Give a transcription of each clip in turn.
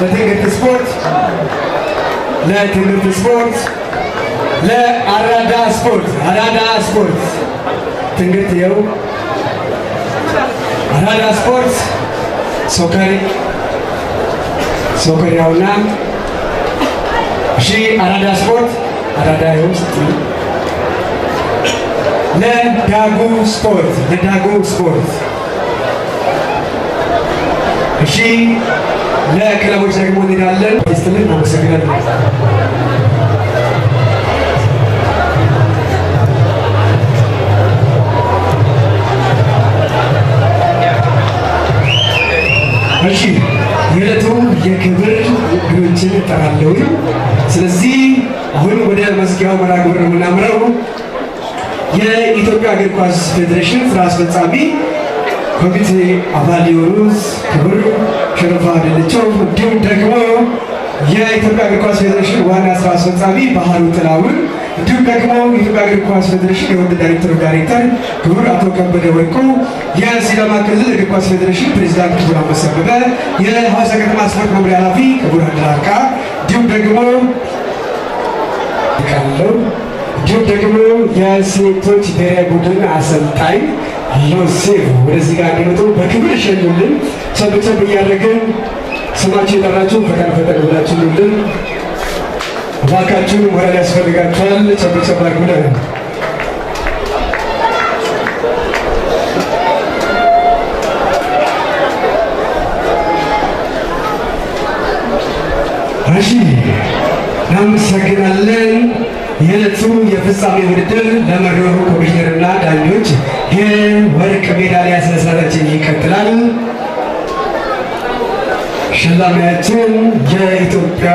ለትምህርት ስፖርት፣ ለትምህርት ስፖርት፣ ለአራዳ ስፖርት አራዳ ስፖርት ትምህርት የው አራዳ ስፖርት ሶከሪ ሶከሪያውና እሺ አራዳ ስፖርት አራዳ የው ለዳጉ ስፖርት ለዳጉ ስፖርት እሺ ለክለቦች ደግሞ እንሄዳለን። ስትልን አመሰግናለሁ። እሺ የዕለቱ የክብር እንግዶችን እጠራለሁ። ስለዚህ አሁን ወደ መዝጊያው መርሃ የምናምረው። የኢትዮጵያ እግር ኳስ ፌዴሬሽን ስራ አስፈጻሚ በጊዜ አባል የሆኑት ክብር ሽረፋ ደለቸው እንዲሁም ደግሞ የኢትዮጵያ እግር ኳስ ፌዴሬሽን ዋና ስራ አስፈጻሚ ባህሩ ጥላውን እንዲሁም ደግሞ የኢትዮጵያ እግር ኳስ ፌዴሬሽን የወንድ ዳይሬክተር ዳይሬክተር ክቡር አቶ ከበደ ወርቁ፣ የሲዳማ ክልል እግር ኳስ ፌዴሬሽን ፕሬዚዳንት ክቡር አመሰበበ፣ አበበ፣ የሐዋሳ ከተማ ስፖርት መምሪያ ኃላፊ ክቡር አድራርቃ እንዲሁም ደግሞ ቃለው እንዲሁም ደግሞ የሴቶች ብሔራዊ ቡድን አሰልጣኝ ዮሴፍ ወደዚህ ጋር እንዲመጡ በክብር ሸልልን። ሰብቅ ሰብቅ እያደረግን ስማችሁ የጠራችሁ ፈጠን ፈጠን ብላችሁ ልልን እባካችሁን፣ ሞራል ያስፈልጋችኋል። ሰብ ሰብቅ ብለን እሺ እናመሰግናለን። የዕለቱ የፍጻሜ ውድድር ለመሪወሩ ኮሚሽነርና ዳኞች የወርቅ ወርቅ ሜዳሊያ ስነስርዓታችን ይቀጥላል። ሸላሚያችን የኢትዮጵያ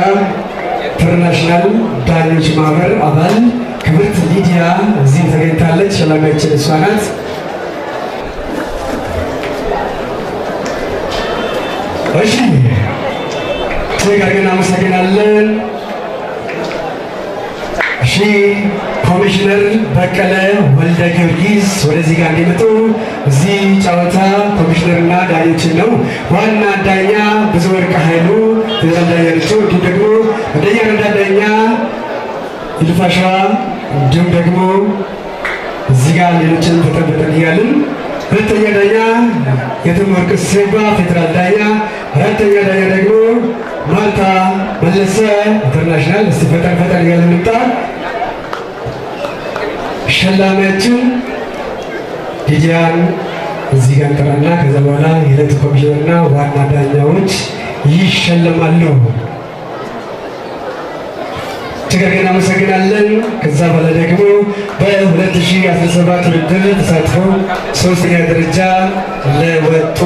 ኢንተርናሽናል ዳኞች ማህበር አባል ክብርት ሊዲያ እዚህ ተገኝታለች። ሸላሚያችን እሷ ናት። እሺ ትጋር ግን አመሰግናለን። እሺ ኮሚሽነር በቀለ ወልደ ጊዮርጊስ ወደዚህ ጋር እንዲመጡ። እዚህ ጨዋታ ኮሚሽነርና ዳኞችን ነው። ዋና ዳኛ ብዙ ወርቅ ኃይሉ ተዛዳኛቸው፣ እንዲሁም ደግሞ ወደኛ ረዳዳኛ ይልፋሻ፣ እንዲሁም ደግሞ እዚህ ጋር ሌሎችን ተጠብጠን እያልን ሁለተኛ ዳኛ የትምወርቅ ሴባ ፌዴራል ዳኛ፣ አራተኛ ዳኛ ደግሞ ማልታ መለሰ ኢንተርናሽናል። እስቲ ፈጠን ፈጠን እያልን እንምጣ። ሸላሚያችን ዲዲያን እዚህ ጋር ቀረና ከዛ በኋላ የዕለት ኮሚሽንና ዋና ዳኛዎች ይሸለማሉ። ትገርገን እናመሰግናለን። ከዛ በኋላ ደግሞ በ2017 ውድድር ተሳትፈው ሶስተኛ ደረጃ ለወጡ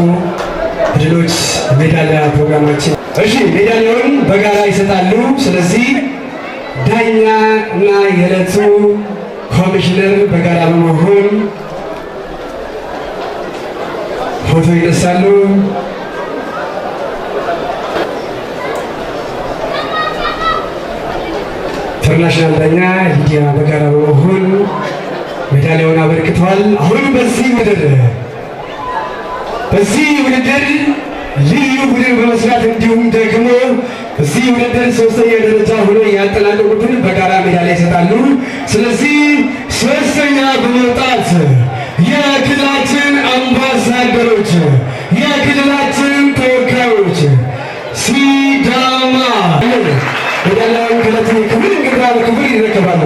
ድሎች ሜዳሊያ ፕሮግራማችን እሺ፣ ሜዳሊያውን በጋራ ይሰጣሉ። ስለዚህ ዳኛ እና የዕለቱ ኮሚሽነር በጋራ በመሆን ፎቶ ይነሳሉ። ኢንተርናሽናል ዳኛ ሂዲያ በጋራ በመሆን ሜዳሊያውን አበርክተዋል። አሁን በዚህ ውድድር በዚህ ውድድር ልዩ ቡድን በመስራት እንዲሁም ደግሞ እዚህ ውድድር ሶስተኛ ደረጃ ሆኖ ያጠናቀቁትን በጋራ ሜዳሊያ ይሰጣሉ። ስለዚህ ሶስተኛ በመውጣት የክልላችን አምባሳደሮች፣ የክልላችን ተወካዮች ሲዳማ ወደ ላይ ክፍል እንግዳ ክፍል ይረከባሉ።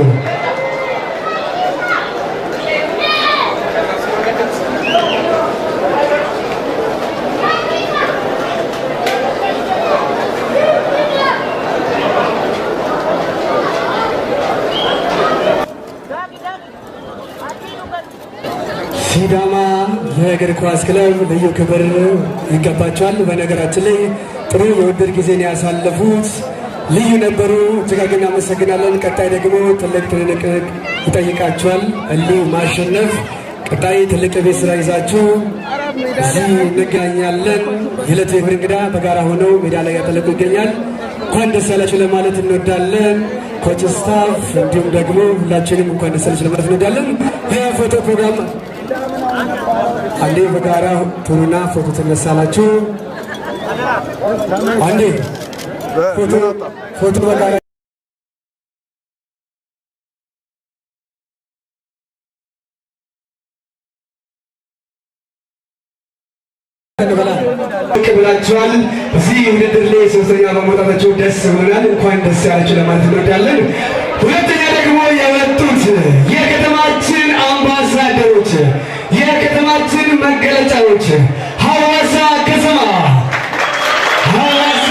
ሲዳማ የእግር ኳስ ክለብ ልዩ ክብር ይገባቸዋል። በነገራችን ላይ ጥሩ የውድድር ጊዜን ያሳለፉት ልዩ ነበሩ። እጅጋግ እናመሰግናለን። ቀጣይ ደግሞ ትልቅ ትንቅንቅ ይጠይቃቸዋል። እሉ ማሸነፍ ቀጣይ ትልቅ ቤት ስራ ይዛችሁ እዚህ እንገኛለን። የዕለቱ የክብር እንግዳ በጋራ ሆነው ሜዳ ላይ ያጠለቁ ይገኛል። እንኳን ደስ ያላችሁ ለማለት እንወዳለን። ኮች ስታፍ እንዲሁም ደግሞ ሁላችንም እንኳን ደስ ያላችሁ ለማለት እንወዳለን። ፎቶ ፕሮግራም አንዴ በጋራ ቶኑና ፎቶ ትነሳላችሁ። አንዴ ፎቶ በጋራ ብላችኋል። እዚህ ውድድር ላይ ሶስተኛ በመውጣታቸው ደስ ብሎናል። እንኳን ደስ ያላችሁ ለማለት እንወዳለን። ሁለተኛ ደግሞ የመጡት የከተማችን አምባሳደር መገለጫዎች ሐዋሳ ከተማ ሐዋሳ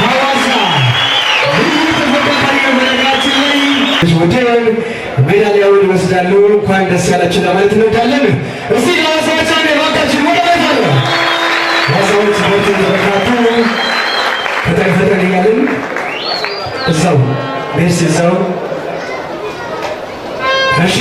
ሐዋሳ ልዩ ላይ ሜዳሊያውን ይወስዳሉ። እንኳን ደስ ያላችሁ ለማለት እንወዳለን። እስቲ ለሐዋሳዎች አንድ የባካችን ወደበት አለ ሐዋሳዎች በርትን ተበካቱ ፈጠን ፈጠን እያልን እዛው ቤስ እዛው እሺ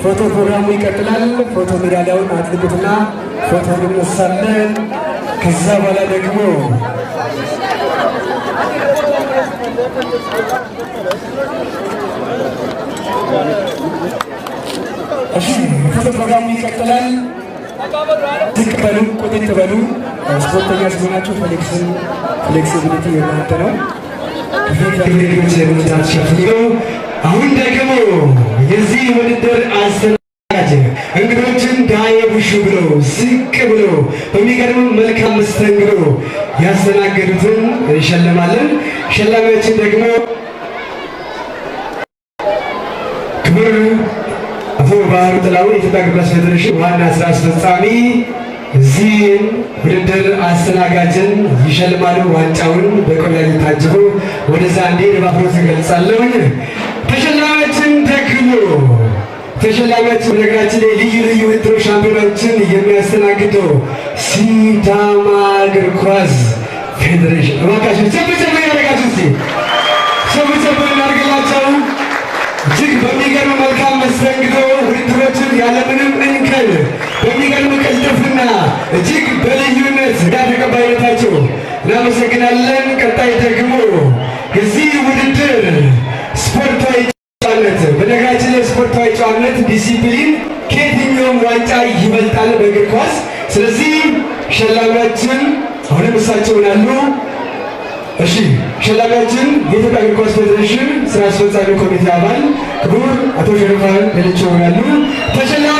ፎቶ ፕሮግራሙ ይቀጥላል። ፎቶ ሜዳሊያውን አጥልቁትና ፎቶ እንነሳለን። ከዛ በኋላ ደግሞ ፎቶ ፕሮግራሙ ይቀጥላል። ዝቅ በሉ፣ ቁጥጥ በሉ። ስፖርተኛ ሲሆናችሁ ፍሌክሲቢሊቲ የናንተ ነው። አሁን ደግሞ የዚህ ውድድር አስተናጋጅ እንግዶችን ዳየ ዳየብሹ ብሎ ዝቅ ብሎ በሚገርም መልካም መስተንግዶ ያስተናገዱትን እንሸልማለን። ሸላሚያችን ደግሞ ክብር አቶ ባህሩ ጥላሁን የኢትዮጵያ እግር ኳስ ፌዴሬሽን ዋና ስራ አስፈጻሚ እዚህ ውድድር አስተናጋጅን ይሸልማሉ። ዋንጫውን በቆዳ ታጅቦ ወደዛ እንዴ ለባፍሮ ተገልጻለሁ። ተሸላሚያችን ደግሞ ተሸላሚያችን በነገራችን ላይ ልዩ ልዩ ውድድር ሻምፒዮናዎችን የሚያስተናግደው ሲዳማ እግር ኳስ ፌዴሬሽን እባካችሁ ጭብ ጭብ ያደረጋችሁ እስቲ ጭብ ጭብ እናድርግላቸው። እጅግ በሚገርም መልካም መስተንግዶ ውድድሮችን ያለምንም እንከን በሚገርም ቅልጥፍና እጅግ በልዩነት እና ተቀባይነታቸው እናመሰግናለን። ቀጣይ ደግሞ እዚህ ውድድር ስፖርት ቆራጥነት፣ ዲሲፕሊን ከየትኛውም ዋንጫ ይበልጣል በእግር ኳስ። ስለዚህ ሸላሚያችን አሁንም እሳቸው ይሆናሉ። እሺ ሸላሚያችን የኢትዮጵያ እግር ኳስ ፌዴሬሽን ስራ አስፈጻሚ ኮሚቴ አባል ክቡር አቶ ሸሪፋ ሌሊቸው ይሆናሉ። ተሸላሚ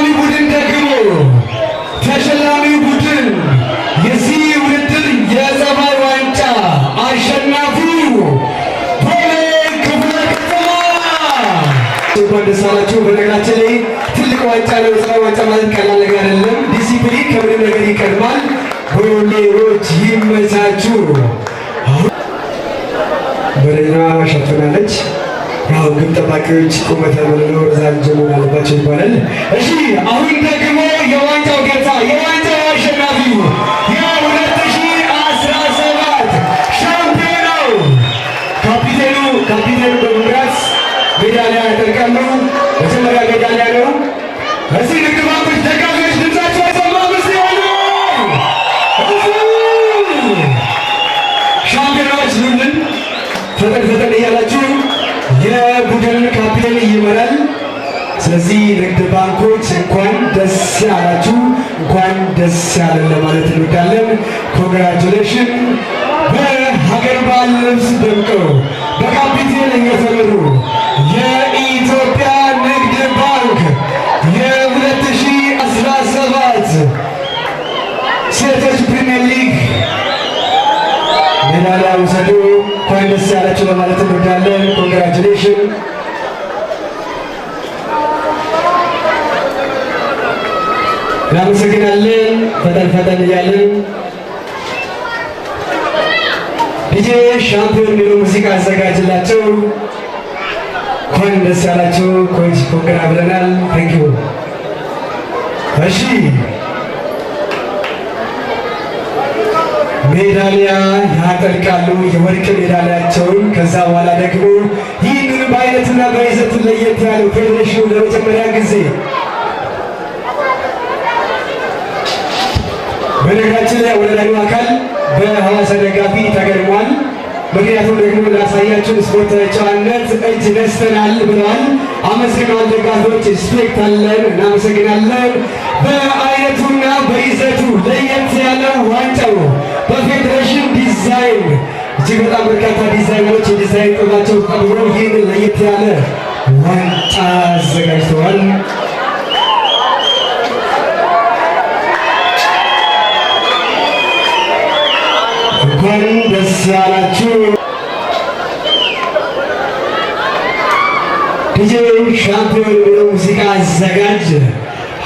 እንኳን ደስ አላችሁ። በነገራችን ላይ ትልቅ ዋንጫ ነው። ሕፃን ዋንጫ ማለት ቀላል ነገር አይደለም። ዲሲፕሊን ከምንም ነገር ይቀድማል። ቦሌሮች ይመቻችሁ። በረኛዋ ሸፍናለች። አሁን ግን ጠባቂዎች ቁመት ያመለለው ረዛን ጀምሮ አለባቸው ይባላል። እሺ አሁን ደግሞ የዋንጫው ገርታ የዋንጫው አሸናፊ ሜዳሊያ መጀመሪያ ሜዳሊያ ነው። እዚህ ድግማቶች ደጋፊዎች ድምጻቸው ምስ ሻምፒዮናዎች ሉልን ፈጠን ፈጠን እያላችሁ የቡድን ካፕቴን ይመራል። ስለዚህ ንግድ ባንኮች እንኳን ደስ አላችሁ እንኳን ደስ ያለን ለማለት እንወዳለን። ኮንግራቹሌሽን ሀገር ባህል ልብስ ደምቀው በካፒቴን እየተመሩ የኢትዮጵያ ንግድ ባንክ የ2017 ሴቶች ፕሪሚየር ሊግ ሜዳሊያ ውሰዱ። እንኳን ደስ ያላችሁ ለማለት እንወዳለን። ኮንግራቹሌሽን እናመሰግናለን። ፈጠን ፈጠን እያለን ዲጄ ሻምፒዮን ሚሉ ሙዚቃ አዘጋጅላቸው። እንኳን ደስ ያላቸው። ኮች ፕሮግራም ብለናል። ታንክ ዩ። እሺ ሜዳሊያ ያጠልቃሉ የወርቅ ሜዳሊያቸውን። ከዛ በኋላ ደግሞ ይህንን በአይነትና በይዘት ለየት ያለው ፌዴሬሽኑ ለመጀመሪያ ጊዜ በነገራችን ላይ ወለዳዩ አካል በሐዋሳ ደጋፊ ተገድሟል። ምክንያቱም ደግሞ ላሳያችን ስፖርት ጨዋነት እጅ ነስተናል ብለዋል። አመስግናል ደጋፊዎች ስፔክት አለን፣ እናመሰግናለን። በአይነቱና በይዘቱ ለየት ያለ ዋንጫው በፌዴሬሽን ዲዛይን እጅግ በጣም በርካታ ዲዛይኖች የዲዛይን ጥበባቸው ቀብሮ ይህን ለየት ያለ ዋንጫ አዘጋጅተዋል። ያላችሁ ዲጄ ሻምፒዮን የሚለው ሙዚቃ አዘጋጅ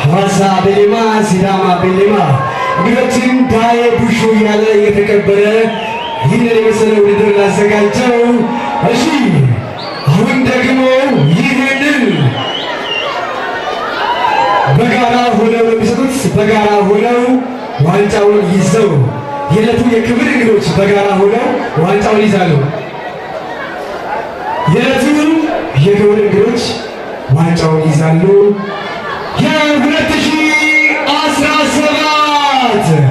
ሀዋሳ በሌማ ሲዳማ በሌማ እንግዶችም ዳዬ ቡሹ እያለ እየተቀበለ ይህንን የመሰለ ውድድር ላዘጋጀው። እሺ አሁን ደግሞ ይህንን በጋራ ሆነው የሚሰጡት በጋራ ሆነው ዋንጫውን ይዘው የዕለቱ የክብር እንግዶች በጋራ ሆነው ዋንጫውን ይዛሉ። የዕለቱን የክብር እንግዶች ዋንጫውን ይዛሉ። የ የ2017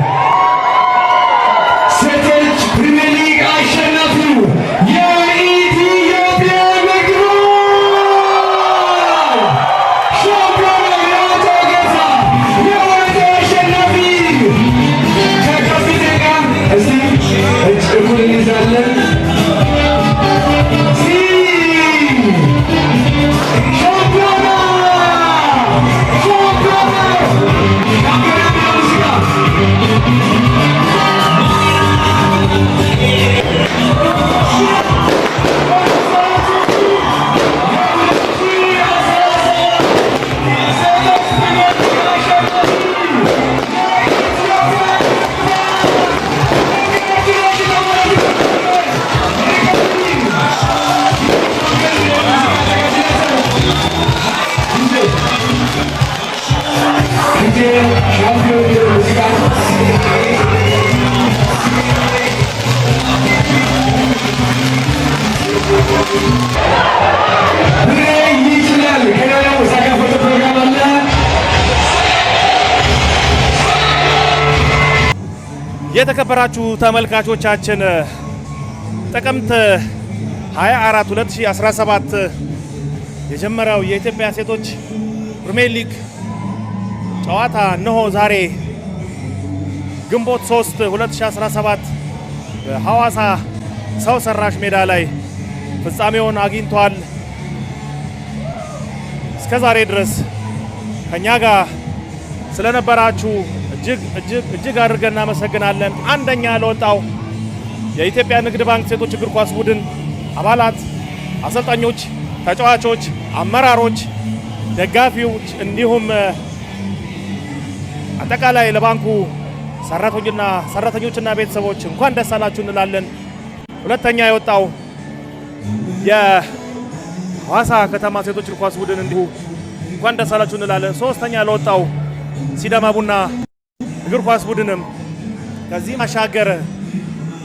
የተከበራችሁ ተመልካቾቻችን ጥቅምት 24 2017 የጀመረው የኢትዮጵያ ሴቶች ፕሪሚየር ሊግ ጨዋታ እነሆ ዛሬ ግንቦት 3 2017 በሐዋሳ ሰው ሰራሽ ሜዳ ላይ ፍጻሜውን አግኝቷል። እስከ ዛሬ ድረስ ከእኛ ጋር ስለነበራችሁ እጅግ እጅግ እጅግ አድርገን እናመሰግናለን። አንደኛ ለወጣው የኢትዮጵያ ንግድ ባንክ ሴቶች እግር ኳስ ቡድን አባላት፣ አሰልጣኞች፣ ተጫዋቾች፣ አመራሮች፣ ደጋፊዎች እንዲሁም አጠቃላይ ለባንኩ ሰራተኞችና ሰራተኞችና ቤተሰቦች እንኳን ደስ አላችሁ እንላለን። ሁለተኛ የወጣው የሐዋሳ ከተማ ሴቶች እግር ኳስ ቡድን እንዲሁ እንኳን ደስ አላችሁ እንላለን። ሶስተኛ ለወጣው ሲዳማ ቡና እግር ኳስ ቡድንም ከዚህ ማሻገር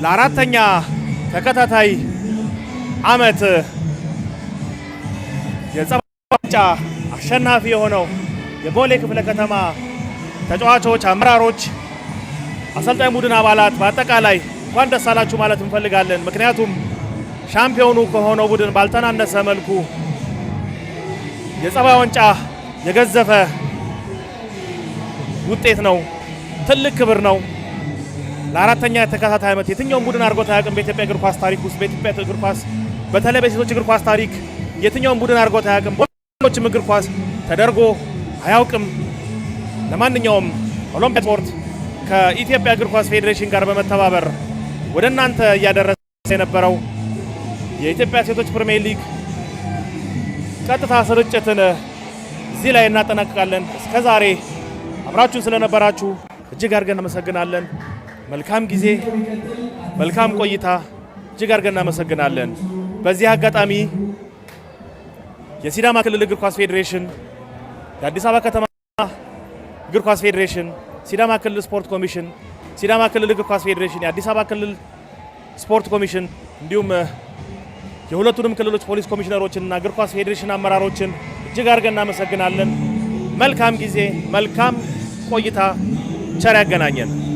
ለአራተኛ ተከታታይ ዓመት የጸባ ዋንጫ አሸናፊ የሆነው የቦሌ ክፍለ ከተማ ተጫዋቾች፣ አመራሮች፣ አሰልጣኝ ቡድን አባላት በአጠቃላይ እንኳን ደስ አላችሁ ማለት እንፈልጋለን። ምክንያቱም ሻምፒዮኑ ከሆነው ቡድን ባልተናነሰ መልኩ የጸባይ ዋንጫ የገዘፈ ውጤት ነው። ትልቅ ክብር ነው። ለአራተኛ ተከታታይ ዓመት የትኛውም ቡድን አድርጎት አያውቅም። በኢትዮጵያ እግር ኳስ ታሪክ ውስጥ በኢትዮጵያ እግር ኳስ በተለይ በሴቶች እግር ኳስ ታሪክ የትኛውም ቡድን አድርጎት አያውቅም። በወንዶችም እግር ኳስ ተደርጎ አያውቅም። ለማንኛውም ኦሎምፒክ ስፖርት ከኢትዮጵያ እግር ኳስ ፌዴሬሽን ጋር በመተባበር ወደ እናንተ እያደረሰ የነበረው የኢትዮጵያ ሴቶች ፕሪሚየር ሊግ ቀጥታ ስርጭትን እዚህ ላይ እናጠናቅቃለን። እስከ ዛሬ አብራችሁን ስለነበራችሁ እጅግ አድርገን እናመሰግናለን። መልካም ጊዜ፣ መልካም ቆይታ። እጅግ አድርገን እናመሰግናለን። በዚህ አጋጣሚ የሲዳማ ክልል እግር ኳስ ፌዴሬሽን የአዲስ አበባ ከተማ እግር ኳስ ፌዴሬሽን፣ ሲዳማ ክልል ስፖርት ኮሚሽን፣ ሲዳማ ክልል እግር ኳስ ፌዴሬሽን፣ የአዲስ አበባ ክልል ስፖርት ኮሚሽን እንዲሁም የሁለቱንም ክልሎች ፖሊስ ኮሚሽነሮችንና እግር ኳስ ፌዴሬሽን አመራሮችን እጅግ አድርገን እናመሰግናለን። መልካም ጊዜ፣ መልካም ቆይታ፣ ቸር ያገናኘን።